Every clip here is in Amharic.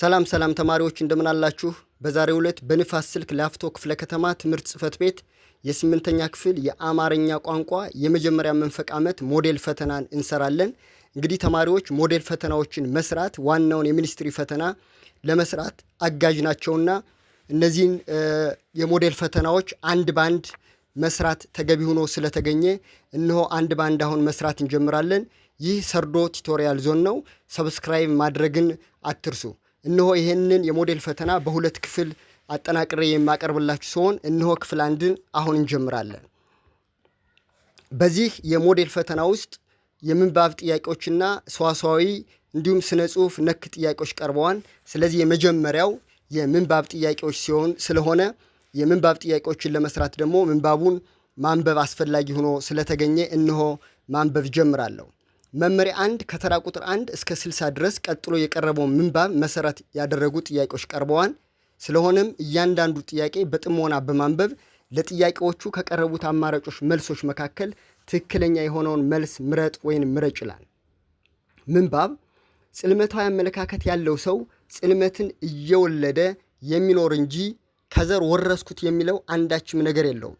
ሰላም ሰላም ተማሪዎች እንደምን አላችሁ? በዛሬው ዕለት በንፋስ ስልክ ላፍቶ ክፍለ ከተማ ትምህርት ጽህፈት ቤት የስምንተኛ ክፍል የአማርኛ ቋንቋ የመጀመሪያ መንፈቅ ዓመት ሞዴል ፈተናን እንሰራለን። እንግዲህ ተማሪዎች ሞዴል ፈተናዎችን መስራት ዋናውን የሚኒስትሪ ፈተና ለመስራት አጋዥ ናቸውና እነዚህን የሞዴል ፈተናዎች አንድ ባንድ መስራት ተገቢ ሆኖ ስለተገኘ እነሆ አንድ ባንድ አሁን መስራት እንጀምራለን። ይህ ሰርዶ ቲቶሪያል ዞን ነው። ሰብስክራይብ ማድረግን አትርሱ። እነሆ ይህንን የሞዴል ፈተና በሁለት ክፍል አጠናቅሬ የማቀርብላችሁ ሲሆን እነሆ ክፍል አንድን አሁን እንጀምራለን። በዚህ የሞዴል ፈተና ውስጥ የምንባብ ጥያቄዎችና ሰዋሰዋዊ እንዲሁም ስነ ጽሁፍ ነክ ጥያቄዎች ቀርበዋል። ስለዚህ የመጀመሪያው የምንባብ ጥያቄዎች ሲሆን ስለሆነ የምንባብ ጥያቄዎችን ለመስራት ደግሞ ምንባቡን ማንበብ አስፈላጊ ሆኖ ስለተገኘ እነሆ ማንበብ ጀምራለሁ። መመሪያ አንድ ከተራ ቁጥር አንድ እስከ 60 ድረስ ቀጥሎ የቀረበውን ምንባብ መሰረት ያደረጉ ጥያቄዎች ቀርበዋል። ስለሆነም እያንዳንዱ ጥያቄ በጥሞና በማንበብ ለጥያቄዎቹ ከቀረቡት አማራጮች መልሶች መካከል ትክክለኛ የሆነውን መልስ ምረጥ ወይም ምረጭ ይላል። ምንባብ ጽልመታዊ አመለካከት ያለው ሰው ጽልመትን እየወለደ የሚኖር እንጂ ከዘር ወረስኩት የሚለው አንዳችም ነገር የለውም።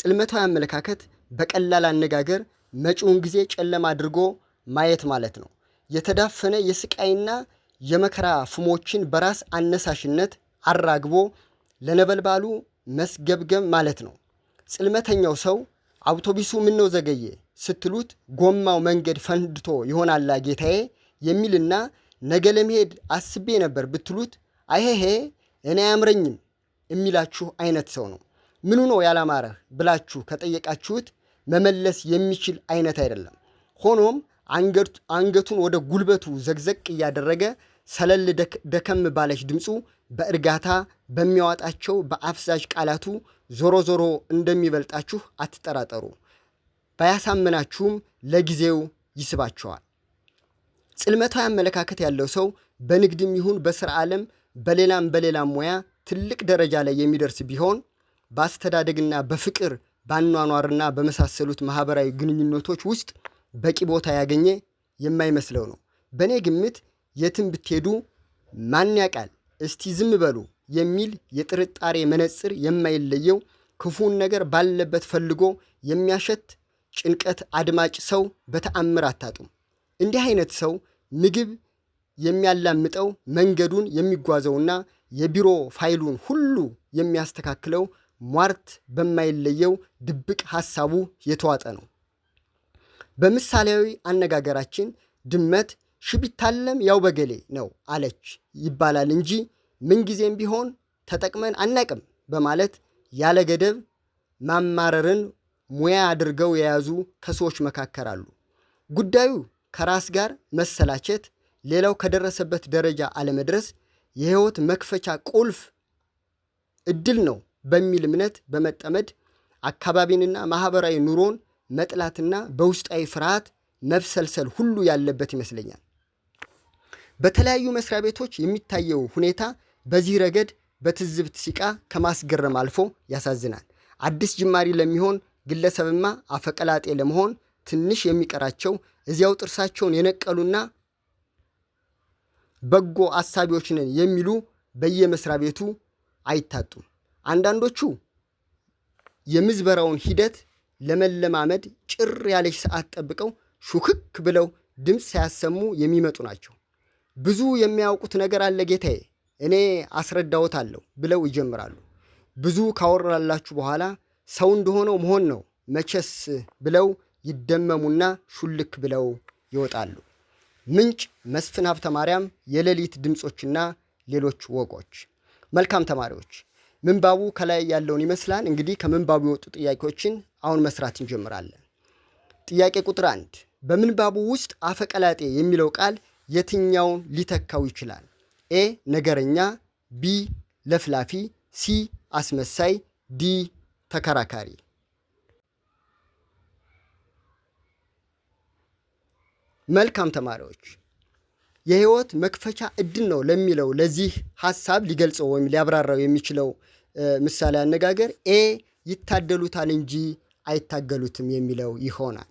ጽልመታዊ አመለካከት በቀላል አነጋገር መጪውን ጊዜ ጨለማ አድርጎ ማየት ማለት ነው። የተዳፈነ የስቃይና የመከራ ፍሞችን በራስ አነሳሽነት አራግቦ ለነበልባሉ መስገብገብ ማለት ነው። ጽልመተኛው ሰው አውቶቡሱ ምነው ዘገየ ስትሉት ጎማው መንገድ ፈንድቶ ይሆናላ ጌታዬ የሚልና ነገ ለመሄድ አስቤ ነበር ብትሉት አይሄሄ እኔ አያምረኝም የሚላችሁ አይነት ሰው ነው። ምኑ ነው ያላማረህ ብላችሁ ከጠየቃችሁት መመለስ የሚችል አይነት አይደለም። ሆኖም አንገቱን ወደ ጉልበቱ ዘግዘቅ እያደረገ ሰለል ደከም ባለች ድምፁ በእርጋታ በሚያወጣቸው በአፍዛዥ ቃላቱ ዞሮ ዞሮ እንደሚበልጣችሁ አትጠራጠሩ። ባያሳምናችሁም ለጊዜው ይስባቸዋል። ጽልመታዊ አመለካከት ያለው ሰው በንግድም ይሁን በስራ ዓለም በሌላም በሌላም ሙያ ትልቅ ደረጃ ላይ የሚደርስ ቢሆን በአስተዳደግና በፍቅር በአኗኗርና በመሳሰሉት ማህበራዊ ግንኙነቶች ውስጥ በቂ ቦታ ያገኘ የማይመስለው ነው። በእኔ ግምት የትም ብትሄዱ ማን ያውቃል እስቲ ዝም በሉ የሚል የጥርጣሬ መነጽር የማይለየው ክፉን ነገር ባለበት ፈልጎ የሚያሸት ጭንቀት አድማጭ ሰው በተአምር አታጡም። እንዲህ አይነት ሰው ምግብ የሚያላምጠው መንገዱን የሚጓዘውና የቢሮ ፋይሉን ሁሉ የሚያስተካክለው ሟርት በማይለየው ድብቅ ሐሳቡ የተዋጠ ነው። በምሳሌያዊ አነጋገራችን ድመት ሽብታለም ያው በገሌ ነው አለች ይባላል እንጂ ምንጊዜም ቢሆን ተጠቅመን አናቅም በማለት ያለ ገደብ ማማረርን ሙያ አድርገው የያዙ ከሰዎች መካከል አሉ። ጉዳዩ ከራስ ጋር መሰላቸት፣ ሌላው ከደረሰበት ደረጃ አለመድረስ የህይወት መክፈቻ ቁልፍ እድል ነው በሚል እምነት በመጠመድ አካባቢንና ማህበራዊ ኑሮን መጥላትና በውስጣዊ ፍርሃት መብሰልሰል ሁሉ ያለበት ይመስለኛል። በተለያዩ መስሪያ ቤቶች የሚታየው ሁኔታ በዚህ ረገድ በትዝብት ሲቃ ከማስገረም አልፎ ያሳዝናል። አዲስ ጅማሪ ለሚሆን ግለሰብማ አፈቀላጤ ለመሆን ትንሽ የሚቀራቸው እዚያው ጥርሳቸውን የነቀሉና በጎ አሳቢዎች ነን የሚሉ በየመስሪያ ቤቱ አይታጡም። አንዳንዶቹ የምዝበራውን ሂደት ለመለማመድ ጭር ያለች ሰዓት ጠብቀው ሹክክ ብለው ድምፅ ሳያሰሙ የሚመጡ ናቸው። ብዙ የሚያውቁት ነገር አለ ጌታዬ፣ እኔ አስረዳዎታለሁ ብለው ይጀምራሉ። ብዙ ካወራላችሁ በኋላ ሰው እንደሆነው መሆን ነው መቼስ ብለው ይደመሙና ሹልክ ብለው ይወጣሉ። ምንጭ መስፍን ሀብተ ማርያም የሌሊት ድምፆችና ሌሎች ወቆች። መልካም ተማሪዎች ምንባቡ ከላይ ያለውን ይመስላል። እንግዲህ ከምንባቡ የወጡ ጥያቄዎችን አሁን መስራት እንጀምራለን። ጥያቄ ቁጥር አንድ በምንባቡ ውስጥ አፈቀላጤ የሚለው ቃል የትኛውን ሊተካው ይችላል? ኤ ነገረኛ፣ ቢ ለፍላፊ፣ ሲ አስመሳይ፣ ዲ ተከራካሪ። መልካም ተማሪዎች የህይወት መክፈቻ እድል ነው ለሚለው ለዚህ ሀሳብ ሊገልጸው ወይም ሊያብራራው የሚችለው ምሳሌ አነጋገር ኤ ይታደሉታል እንጂ አይታገሉትም የሚለው ይሆናል።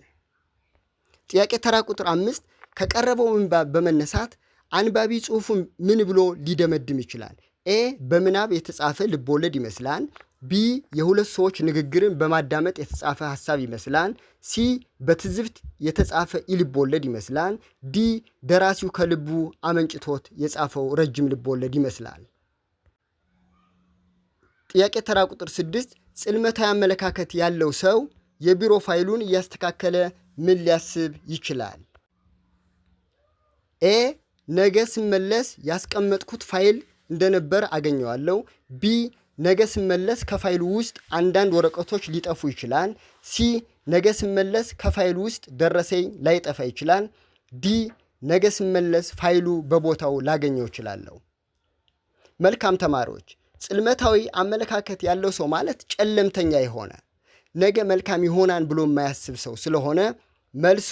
ጥያቄ ተራ ቁጥር አምስት ከቀረበው ምንባብ በመነሳት አንባቢ ጽሑፉን ምን ብሎ ሊደመድም ይችላል? ኤ በምናብ የተጻፈ ልቦወለድ ይመስላል። ቢ የሁለት ሰዎች ንግግርን በማዳመጥ የተጻፈ ሀሳብ ይመስላል። ሲ በትዝብት የተጻፈ ኢልቦለድ ይመስላል። ዲ ደራሲው ከልቡ አመንጭቶት የጻፈው ረጅም ልቦለድ ይመስላል። ጥያቄ ተራ ቁጥር ስድስት ጽልመታዊ አመለካከት ያለው ሰው የቢሮ ፋይሉን እያስተካከለ ምን ሊያስብ ይችላል? ኤ ነገ ስመለስ ያስቀመጥኩት ፋይል እንደነበር አገኘዋለሁ። ቢ ነገ ስመለስ ከፋይሉ ውስጥ አንዳንድ ወረቀቶች ሊጠፉ ይችላል። ሲ ነገ ስመለስ ከፋይሉ ውስጥ ደረሰኝ ላይጠፋ ይችላል። ዲ ነገ ስመለስ ፋይሉ በቦታው ላገኘው ይችላለሁ። መልካም ተማሪዎች ጽልመታዊ አመለካከት ያለው ሰው ማለት ጨለምተኛ የሆነ ነገ መልካም ይሆናል ብሎ የማያስብ ሰው ስለሆነ መልሱ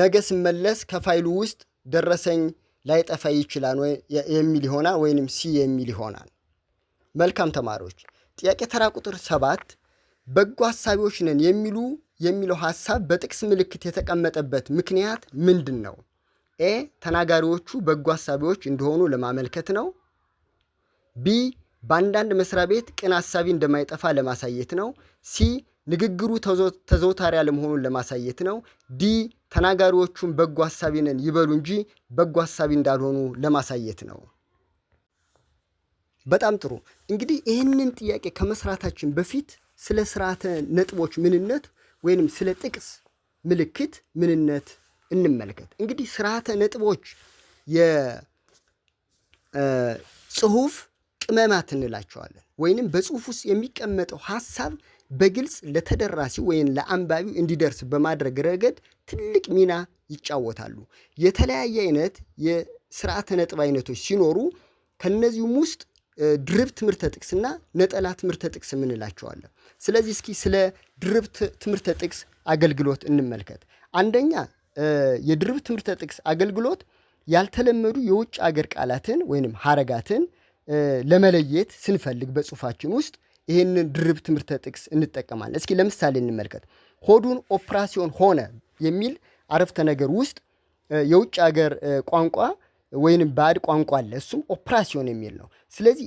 ነገ ስመለስ ከፋይሉ ውስጥ ደረሰኝ ላይጠፋ ይችላል የሚል ይሆናል ወይንም ሲ የሚል ይሆናል። መልካም ተማሪዎች፣ ጥያቄ ተራ ቁጥር ሰባት በጎ ሀሳቢዎች ነን የሚሉ የሚለው ሀሳብ በጥቅስ ምልክት የተቀመጠበት ምክንያት ምንድን ነው? ኤ ተናጋሪዎቹ በጎ ሀሳቢዎች እንደሆኑ ለማመልከት ነው። ቢ በአንዳንድ መስሪያ ቤት ቅን አሳቢ እንደማይጠፋ ለማሳየት ነው። ሲ ንግግሩ ተዘውታሪ አለመሆኑን ለማሳየት ነው። ዲ ተናጋሪዎቹን በጎ አሳቢ ነን ይበሉ እንጂ በጎ አሳቢ እንዳልሆኑ ለማሳየት ነው። በጣም ጥሩ። እንግዲህ ይህንን ጥያቄ ከመስራታችን በፊት ስለ ስርዓተ ነጥቦች ምንነት ወይንም ስለ ጥቅስ ምልክት ምንነት እንመልከት። እንግዲህ ስርዓተ ነጥቦች የጽሁፍ ቅመማት እንላቸዋለን። ወይንም በጽሁፍ ውስጥ የሚቀመጠው ሀሳብ በግልጽ ለተደራሲው ወይም ለአንባቢው እንዲደርስ በማድረግ ረገድ ትልቅ ሚና ይጫወታሉ። የተለያየ አይነት የስርዓተ ነጥብ አይነቶች ሲኖሩ ከነዚሁም ውስጥ ድርብ ትምህርተ ጥቅስና ነጠላ ትምህርተ ጥቅስ የምንላቸዋለን። ስለዚህ እስኪ ስለ ድርብ ትምህርተ ጥቅስ አገልግሎት እንመልከት። አንደኛ የድርብ ትምህርተ ጥቅስ አገልግሎት ያልተለመዱ የውጭ አገር ቃላትን ወይንም ሀረጋትን ለመለየት ስንፈልግ በጽሁፋችን ውስጥ ይህንን ድርብ ትምህርተ ጥቅስ እንጠቀማለን። እስኪ ለምሳሌ እንመልከት። ሆዱን ኦፕራሲዮን ሆነ የሚል አረፍተ ነገር ውስጥ የውጭ ሀገር ቋንቋ ወይንም ባዕድ ቋንቋ አለ። እሱም ኦፕራሲዮን የሚል ነው። ስለዚህ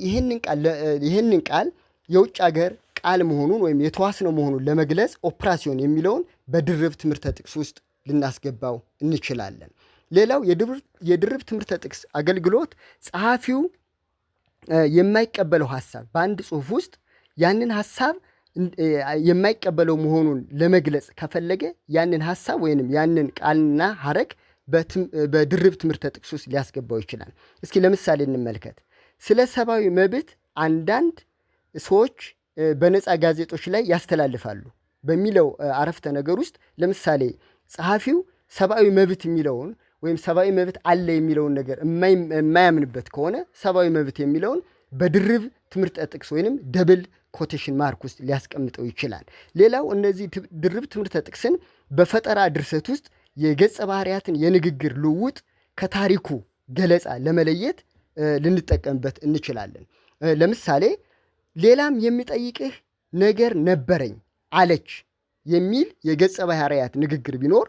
ይህንን ቃል የውጭ ሀገር ቃል መሆኑን ወይም የተዋስነው መሆኑን ለመግለጽ ኦፕራሲዮን የሚለውን በድርብ ትምህርተ ጥቅስ ውስጥ ልናስገባው እንችላለን። ሌላው የድርብ ትምህርተ ጥቅስ አገልግሎት ጸሐፊው የማይቀበለው ሀሳብ በአንድ ጽሁፍ ውስጥ ያንን ሀሳብ የማይቀበለው መሆኑን ለመግለጽ ከፈለገ ያንን ሀሳብ ወይንም ያንን ቃልና ሀረግ በድርብ ትምህርተ ጥቅስ ውስጥ ሊያስገባው ይችላል። እስኪ ለምሳሌ እንመልከት። ስለ ሰብአዊ መብት አንዳንድ ሰዎች በነፃ ጋዜጦች ላይ ያስተላልፋሉ በሚለው አረፍተ ነገር ውስጥ ለምሳሌ ጸሐፊው ሰብአዊ መብት የሚለውን ወይም ሰብአዊ መብት አለ የሚለውን ነገር የማያምንበት ከሆነ ሰብአዊ መብት የሚለውን በድርብ ትምህርተ ጥቅስ ወይንም ደብል ኮቴሽን ማርክ ውስጥ ሊያስቀምጠው ይችላል። ሌላው እነዚህ ድርብ ትምህርተ ጥቅስን በፈጠራ ድርሰት ውስጥ የገጸ ባህሪያትን የንግግር ልውውጥ ከታሪኩ ገለጻ ለመለየት ልንጠቀምበት እንችላለን። ለምሳሌ ሌላም የሚጠይቅህ ነገር ነበረኝ አለች የሚል የገጸ ባህሪያት ንግግር ቢኖር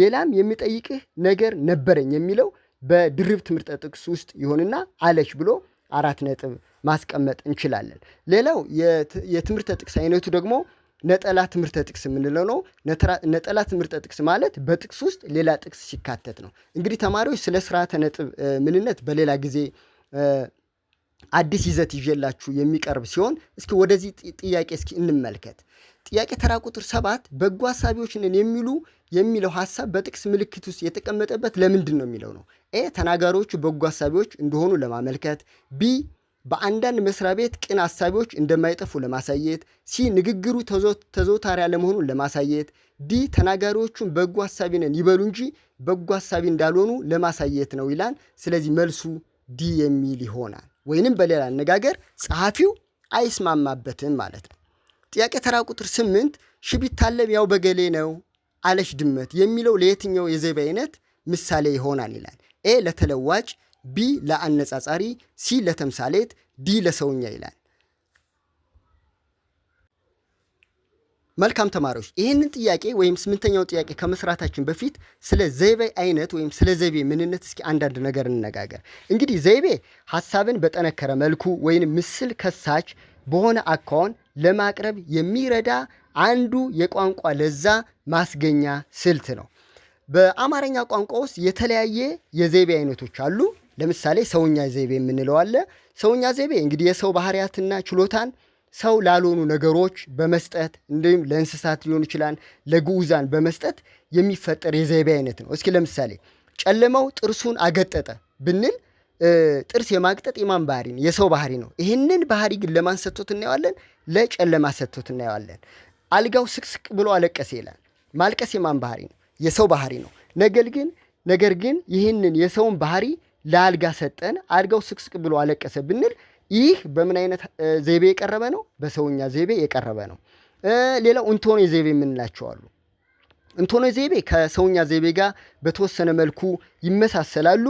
ሌላም የሚጠይቅህ ነገር ነበረኝ የሚለው በድርብ ትምህርተ ጥቅስ ውስጥ ይሆንና አለች ብሎ አራት ነጥብ ማስቀመጥ እንችላለን። ሌላው የትምህርተ ጥቅስ አይነቱ ደግሞ ነጠላ ትምህርተ ጥቅስ የምንለው ነው። ነጠላ ትምህርተ ጥቅስ ማለት በጥቅስ ውስጥ ሌላ ጥቅስ ሲካተት ነው። እንግዲህ ተማሪዎች ስለ ስርዓተ ነጥብ ምንነት በሌላ ጊዜ አዲስ ይዘት ይዤላችሁ የሚቀርብ ሲሆን እስኪ ወደዚህ ጥያቄ እስኪ እንመልከት። ጥያቄ ተራ ቁጥር ሰባት በጎ ሀሳቢዎች ነን የሚሉ የሚለው ሀሳብ በጥቅስ ምልክት ውስጥ የተቀመጠበት ለምንድን ነው የሚለው ነው። ኤ ተናጋሪዎቹ በጎ አሳቢዎች እንደሆኑ ለማመልከት፣ ቢ በአንዳንድ መስሪያ ቤት ቅን አሳቢዎች እንደማይጠፉ ለማሳየት፣ ሲ ንግግሩ ተዘውታሪ አለመሆኑን ለማሳየት፣ ዲ ተናጋሪዎቹን በጎ አሳቢ ነን ይበሉ እንጂ በጎ አሳቢ እንዳልሆኑ ለማሳየት ነው ይላል። ስለዚህ መልሱ ዲ የሚል ይሆናል። ወይንም በሌላ አነጋገር ጸሐፊው አይስማማበትም ማለት ነው። ጥያቄ ተራ ቁጥር ስምንት ሽቢታለም ያው በገሌ ነው አለች ድመት የሚለው ለየትኛው የዘይቤ አይነት ምሳሌ ይሆናል ይላል። ኤ ለተለዋጭ፣ ቢ ለአነጻጻሪ፣ ሲ ለተምሳሌት፣ ዲ ለሰውኛ ይላል። መልካም ተማሪዎች ይህንን ጥያቄ ወይም ስምንተኛውን ጥያቄ ከመስራታችን በፊት ስለ ዘይቤ አይነት ወይም ስለ ዘይቤ ምንነት እስኪ አንዳንድ ነገር እንነጋገር። እንግዲህ ዘይቤ ሀሳብን በጠነከረ መልኩ ወይም ምስል ከሳች በሆነ አኳኋን ለማቅረብ የሚረዳ አንዱ የቋንቋ ለዛ ማስገኛ ስልት ነው። በአማርኛ ቋንቋ ውስጥ የተለያየ የዘቤ አይነቶች አሉ። ለምሳሌ ሰውኛ ዘይቤ የምንለው አለ። ሰውኛ ዘይቤ እንግዲህ የሰው ባህሪያትና ችሎታን ሰው ላልሆኑ ነገሮች በመስጠት እንዲሁም ለእንስሳት ሊሆን ይችላል ለግዑዛን በመስጠት የሚፈጠር የዘይቤ አይነት ነው። እስኪ ለምሳሌ ጨለማው ጥርሱን አገጠጠ ብንል ጥርስ የማግጠጥ የማን ባህሪ ነው? የሰው ባህሪ ነው። ይህንን ባህሪ ግን ለማን ሰጥቶት እናየዋለን? ለጨለማ ሰጥቶት እናየዋለን። አልጋው ስቅስቅ ብሎ አለቀሰ ይላል። ማልቀስ የማን ባህሪ ነው? የሰው ባህሪ ነው። ነገር ግን ነገር ግን ይህንን የሰውን ባህሪ ለአልጋ ሰጠን፣ አልጋው ስቅስቅ ብሎ አለቀሰ ብንል ይህ በምን አይነት ዘይቤ የቀረበ ነው? በሰውኛ ዘይቤ የቀረበ ነው። ሌላው እንቶኔ ዘይቤ የምንላቸው አሉ። እንቶኔ ዘይቤ ከሰውኛ ዘይቤ ጋር በተወሰነ መልኩ ይመሳሰላሉ።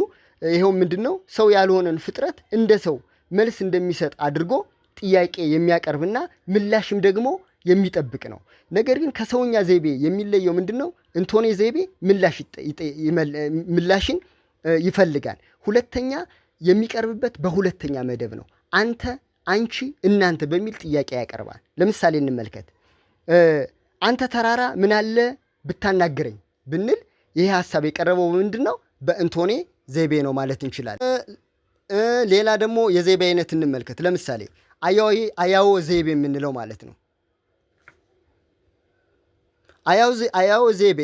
ይኸው ምንድን ነው? ሰው ያልሆነን ፍጥረት እንደ ሰው መልስ እንደሚሰጥ አድርጎ ጥያቄ የሚያቀርብና ምላሽም ደግሞ የሚጠብቅ ነው። ነገር ግን ከሰውኛ ዘይቤ የሚለየው ምንድን ነው? እንቶኔ ዘይቤ ምላሽን ይፈልጋል። ሁለተኛ የሚቀርብበት በሁለተኛ መደብ ነው። አንተ፣ አንቺ፣ እናንተ በሚል ጥያቄ ያቀርባል። ለምሳሌ እንመልከት። አንተ ተራራ ምን አለ ብታናግረኝ ብንል ይህ ሀሳብ የቀረበው ምንድን ነው? በእንቶኔ ዘይቤ ነው ማለት እንችላለን። ሌላ ደግሞ የዘይቤ አይነት እንመልከት። ለምሳሌ አያዎ ዘይቤ የምንለው ማለት ነው አያው ዜቤ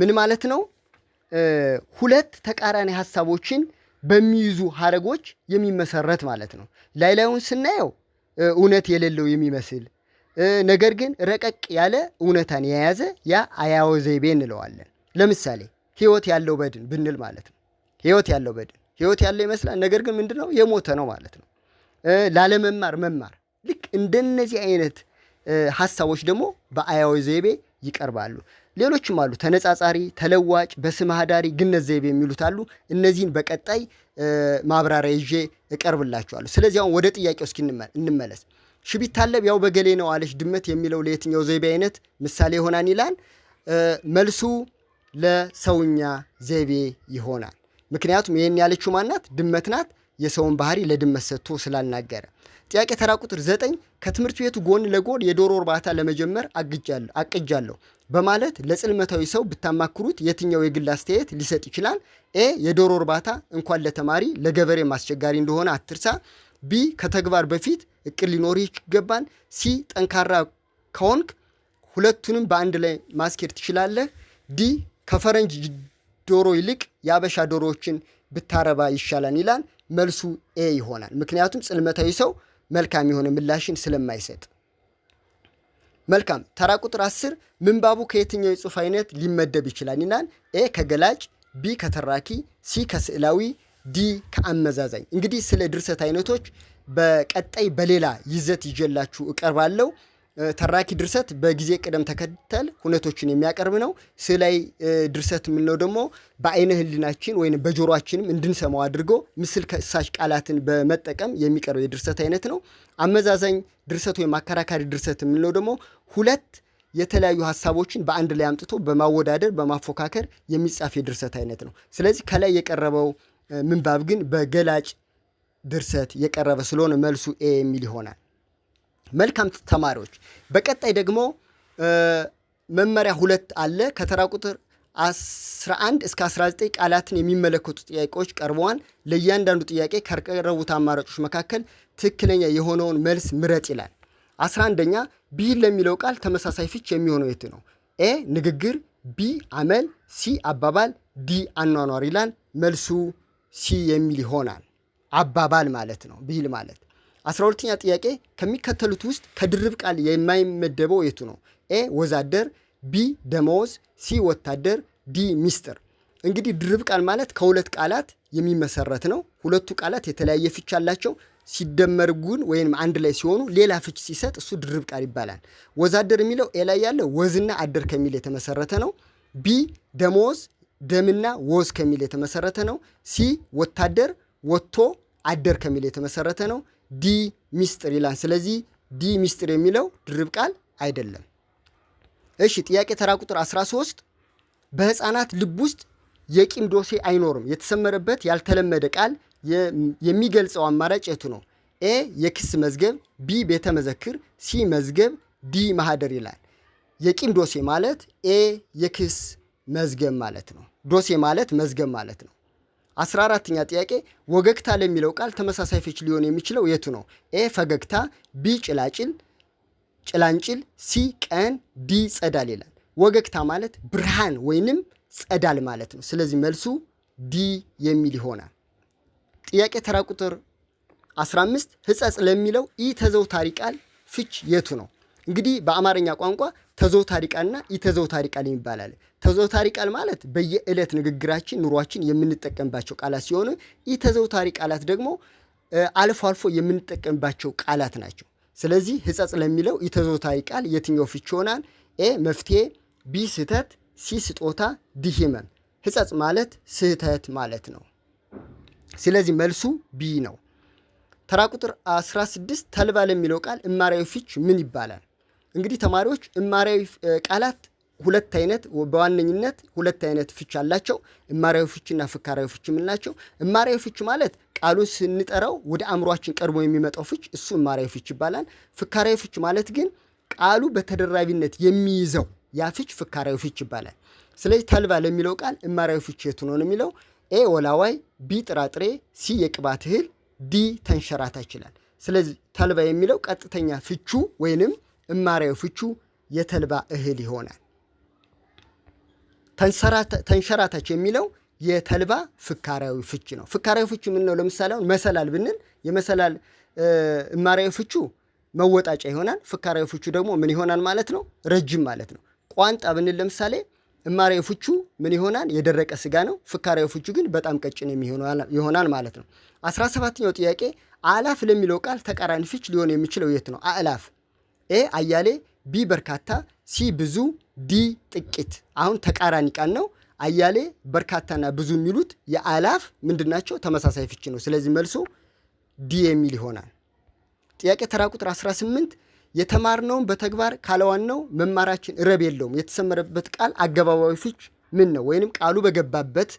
ምን ማለት ነው? ሁለት ተቃራኒ ሀሳቦችን በሚይዙ ሀረጎች የሚመሰረት ማለት ነው። ላይ ላዩን ስናየው እውነት የሌለው የሚመስል ነገር ግን ረቀቅ ያለ እውነታን የያዘ ያ አያው ዜቤ እንለዋለን። ለምሳሌ ህይወት ያለው በድን ብንል ማለት ነው። ህይወት ያለው በድን ህይወት ያለው ይመስላል፣ ነገር ግን ምንድነው የሞተ ነው ማለት ነው። ላለመማር መማር ልክ እንደነዚህ አይነት ሀሳቦች ደግሞ በአያዊ ዘይቤ ይቀርባሉ። ሌሎችም አሉ። ተነጻጻሪ፣ ተለዋጭ፣ በስመ አዳሪ፣ ግነት ዘይቤ የሚሉት አሉ። እነዚህን በቀጣይ ማብራሪያ ይዤ እቀርብላችኋለሁ። ስለዚህ አሁን ወደ ጥያቄው እስኪ እንመለስ። ሽቢታለብ ያው በገሌ ነው አለች ድመት የሚለው ለየትኛው ዘይቤ አይነት ምሳሌ ይሆናል ይላል። መልሱ ለሰውኛ ዘይቤ ይሆናል። ምክንያቱም ይህን ያለችው ማናት? ድመት ናት። የሰውን ባህሪ ለድመት ሰጥቶ ስላልናገረ። ጥያቄ ተራ ቁጥር ዘጠኝ ከትምህርት ቤቱ ጎን ለጎን የዶሮ እርባታ ለመጀመር አቅጃለሁ በማለት ለጽልመታዊ ሰው ብታማክሩት የትኛው የግል አስተያየት ሊሰጥ ይችላል? ኤ የዶሮ እርባታ እንኳን ለተማሪ ለገበሬ ማስቸጋሪ እንደሆነ አትርሳ። ቢ ከተግባር በፊት እቅድ ሊኖር ይገባል። ሲ ጠንካራ ከሆንክ ሁለቱንም በአንድ ላይ ማስኬድ ትችላለህ። ዲ ከፈረንጅ ዶሮ ይልቅ የአበሻ ዶሮዎችን ብታረባ ይሻላል ይላል። መልሱ ኤ ይሆናል። ምክንያቱም ጽልመታዊ ሰው መልካም የሆነ ምላሽን ስለማይሰጥ። መልካም ተራ ቁጥር አስር ምንባቡ ከየትኛው የጽሑፍ አይነት ሊመደብ ይችላል ይናል ኤ ከገላጭ፣ ቢ ከተራኪ፣ ሲ ከስዕላዊ፣ ዲ ከአመዛዛኝ። እንግዲህ ስለ ድርሰት አይነቶች በቀጣይ በሌላ ይዘት ይዤላችሁ እቀርባለሁ። ተራኪ ድርሰት በጊዜ ቅደም ተከተል ሁነቶችን የሚያቀርብ ነው። ስዕላዊ ድርሰት የምንለው ደግሞ በአይነ ህሊናችን ወይም በጆሮአችንም እንድንሰማው አድርጎ ምስል ከሳሽ ቃላትን በመጠቀም የሚቀርብ የድርሰት አይነት ነው። አመዛዛኝ ድርሰት ወይም አከራካሪ ድርሰት የምንለው ደግሞ ሁለት የተለያዩ ሀሳቦችን በአንድ ላይ አምጥቶ በማወዳደር በማፎካከር የሚጻፍ የድርሰት አይነት ነው። ስለዚህ ከላይ የቀረበው ምንባብ ግን በገላጭ ድርሰት የቀረበ ስለሆነ መልሱ ኤ የሚል ይሆናል። መልካም ተማሪዎች። በቀጣይ ደግሞ መመሪያ ሁለት አለ ከተራ ቁጥር 11 እስከ 19 ቃላትን የሚመለከቱ ጥያቄዎች ቀርበዋል። ለእያንዳንዱ ጥያቄ ከቀረቡት አማራጮች መካከል ትክክለኛ የሆነውን መልስ ምረጥ ይላል። 11ኛ ቢል ለሚለው ቃል ተመሳሳይ ፍች የሚሆነው የት ነው? ኤ ንግግር፣ ቢ አመል፣ ሲ አባባል፣ ዲ አኗኗር ይላል። መልሱ ሲ የሚል ይሆናል። አባባል ማለት ነው ቢል ማለት አስራ ሁለተኛ ጥያቄ ከሚከተሉት ውስጥ ከድርብ ቃል የማይመደበው የቱ ነው? ኤ ወዛደር፣ ቢ ደመወዝ፣ ሲ ወታደር፣ ዲ ሚስጥር። እንግዲህ ድርብ ቃል ማለት ከሁለት ቃላት የሚመሰረት ነው። ሁለቱ ቃላት የተለያየ ፍች አላቸው። ሲደመር ጉን ወይም አንድ ላይ ሲሆኑ ሌላ ፍች ሲሰጥ እሱ ድርብ ቃል ይባላል። ወዛደር የሚለው ኤ ላይ ያለ ወዝና አደር ከሚል የተመሰረተ ነው። ቢ ደመወዝ ደምና ወዝ ከሚል የተመሰረተ ነው። ሲ ወታደር ወጥቶ አደር ከሚል የተመሰረተ ነው። ዲ ሚስጥር ይላል። ስለዚህ ዲ ሚስጥር የሚለው ድርብ ቃል አይደለም። እሺ ጥያቄ ተራ ቁጥር 13 በህፃናት ልብ ውስጥ የቂም ዶሴ አይኖርም የተሰመረበት ያልተለመደ ቃል የሚገልጸው አማራጭ የቱ ነው? ኤ የክስ መዝገብ፣ ቢ ቤተ መዘክር፣ ሲ መዝገብ፣ ዲ ማህደር ይላል። የቂም ዶሴ ማለት ኤ የክስ መዝገብ ማለት ነው። ዶሴ ማለት መዝገብ ማለት ነው። አስራ አራተኛ ጥያቄ ወገግታ ለሚለው ቃል ተመሳሳይ ፍች ሊሆን የሚችለው የቱ ነው? ኤ ፈገግታ፣ ቢ ጭላጭል ጭላንጭል፣ ሲ ቀን፣ ዲ ጸዳል ይላል። ወገግታ ማለት ብርሃን ወይንም ጸዳል ማለት ነው። ስለዚህ መልሱ ዲ የሚል ይሆናል። ጥያቄ ተራ ቁጥር 15 ህጸጽ ለሚለው ኢ ተዘውታሪ ቃል ፍች የቱ ነው? እንግዲህ በአማርኛ ቋንቋ ተዘውታሪ ቃልና ኢተዘውታሪ ቃል ይባላል። ተዘውታሪ ቃል ማለት በየዕለት ንግግራችን፣ ኑሯችን የምንጠቀምባቸው ቃላት ሲሆኑ ኢተዘውታሪ ቃላት ደግሞ አልፎ አልፎ የምንጠቀምባቸው ቃላት ናቸው። ስለዚህ ሕጸጽ ለሚለው ኢተዘውታሪ ቃል የትኛው ፍች ይሆናል? ኤ መፍትሄ፣ ቢ ስህተት፣ ሲ ስጦታ፣ ዲ ህመም። ሕጸጽ ማለት ስህተት ማለት ነው። ስለዚህ መልሱ ቢ ነው። ተራ ቁጥር 16 ተልባ ለሚለው ቃል እማራዊ ፍች ምን ይባላል? እንግዲህ ተማሪዎች እማሪያዊ ቃላት ሁለት አይነት በዋነኝነት ሁለት አይነት ፍች አላቸው። እማሪያዊ ፍችና ፍካራዊ ፍች የምንላቸው። እማሪያዊ ፍች ማለት ቃሉን ስንጠራው ወደ አእምሯችን ቀድሞ የሚመጣው ፍች እሱ እማሪያዊ ፍች ይባላል። ፍካራዊ ፍች ማለት ግን ቃሉ በተደራቢነት የሚይዘው ያ ፍች ፍካራዊ ፍች ይባላል። ስለዚህ ተልባ ለሚለው ቃል እማሪያዊ ፍች የቱ ነው የሚለው ኤ ወላዋይ፣ ቢ ጥራጥሬ፣ ሲ የቅባት እህል፣ ዲ ተንሸራታ ይችላል። ስለዚህ ተልባ የሚለው ቀጥተኛ ፍቹ ወይንም እማሪያዊ ፍቹ የተልባ እህል ይሆናል። ተንሸራታች የሚለው የተልባ ፍካሪያዊ ፍች ነው። ፍካሪያዊ ፍች ምን ነው? ለምሳሌ አሁን መሰላል ብንል የመሰላል እማሪያዊ ፍቹ መወጣጫ ይሆናል። ፍካሪያዊ ፍቹ ደግሞ ምን ይሆናል ማለት ነው? ረጅም ማለት ነው። ቋንጣ ብንል ለምሳሌ እማሪያዊ ፍቹ ምን ይሆናል? የደረቀ ስጋ ነው። ፍካሪያዊ ፍቹ ግን በጣም ቀጭን ይሆናል ማለት ነው። አስራ ሰባተኛው ጥያቄ አእላፍ ለሚለው ቃል ተቃራኒ ፍች ሊሆን የሚችለው የት ነው? አእላፍ ኤ አያሌ፣ ቢ በርካታ፣ ሲ ብዙ፣ ዲ ጥቂት። አሁን ተቃራኒ ቃል ነው። አያሌ በርካታና ብዙ የሚሉት የአላፍ ምንድን ናቸው? ተመሳሳይ ፍቺ ነው። ስለዚህ መልሶ ዲ የሚል ይሆናል። ጥያቄ ተራ ቁጥር 18 የተማርነውን በተግባር ካለዋናው መማራችን ረብ የለውም የተሰመረበት ቃል አገባባዊ ፍች ምን ነው? ወይንም ቃሉ በገባበት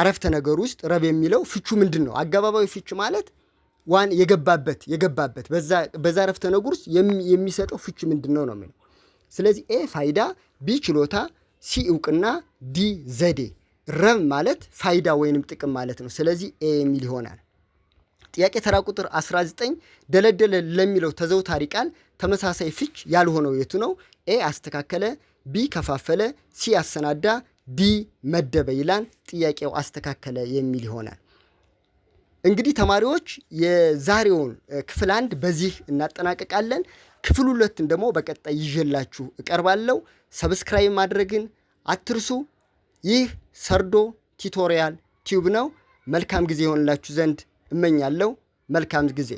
አረፍተ ነገር ውስጥ ረብ የሚለው ፍቹ ምንድን ነው? አገባባዊ ፍቹ ማለት ዋን የገባበት የገባበት በዛ ረፍተ ነገር ውስጥ የሚሰጠው ፍች ምንድን ነው ነው የሚለው። ስለዚህ ኤ ፋይዳ፣ ቢ ችሎታ፣ ሲ እውቅና፣ ዲ ዘዴ። ረብ ማለት ፋይዳ ወይንም ጥቅም ማለት ነው። ስለዚህ ኤ የሚል ይሆናል። ጥያቄ ተራ ቁጥር 19 ደለደለ ለሚለው ተዘውታሪ ቃል ተመሳሳይ ፍች ያልሆነው የቱ ነው? ኤ አስተካከለ፣ ቢ ከፋፈለ፣ ሲ አሰናዳ፣ ዲ መደበ ይላል። ጥያቄው አስተካከለ የሚል ይሆናል። እንግዲህ ተማሪዎች የዛሬውን ክፍል አንድ በዚህ እናጠናቀቃለን። ክፍል ሁለትን ደግሞ በቀጣይ ይዤላችሁ እቀርባለሁ። ሰብስክራይብ ማድረግን አትርሱ። ይህ ሰርዶ ቲቶሪያል ቲዩብ ነው። መልካም ጊዜ የሆንላችሁ ዘንድ እመኛለሁ። መልካም ጊዜ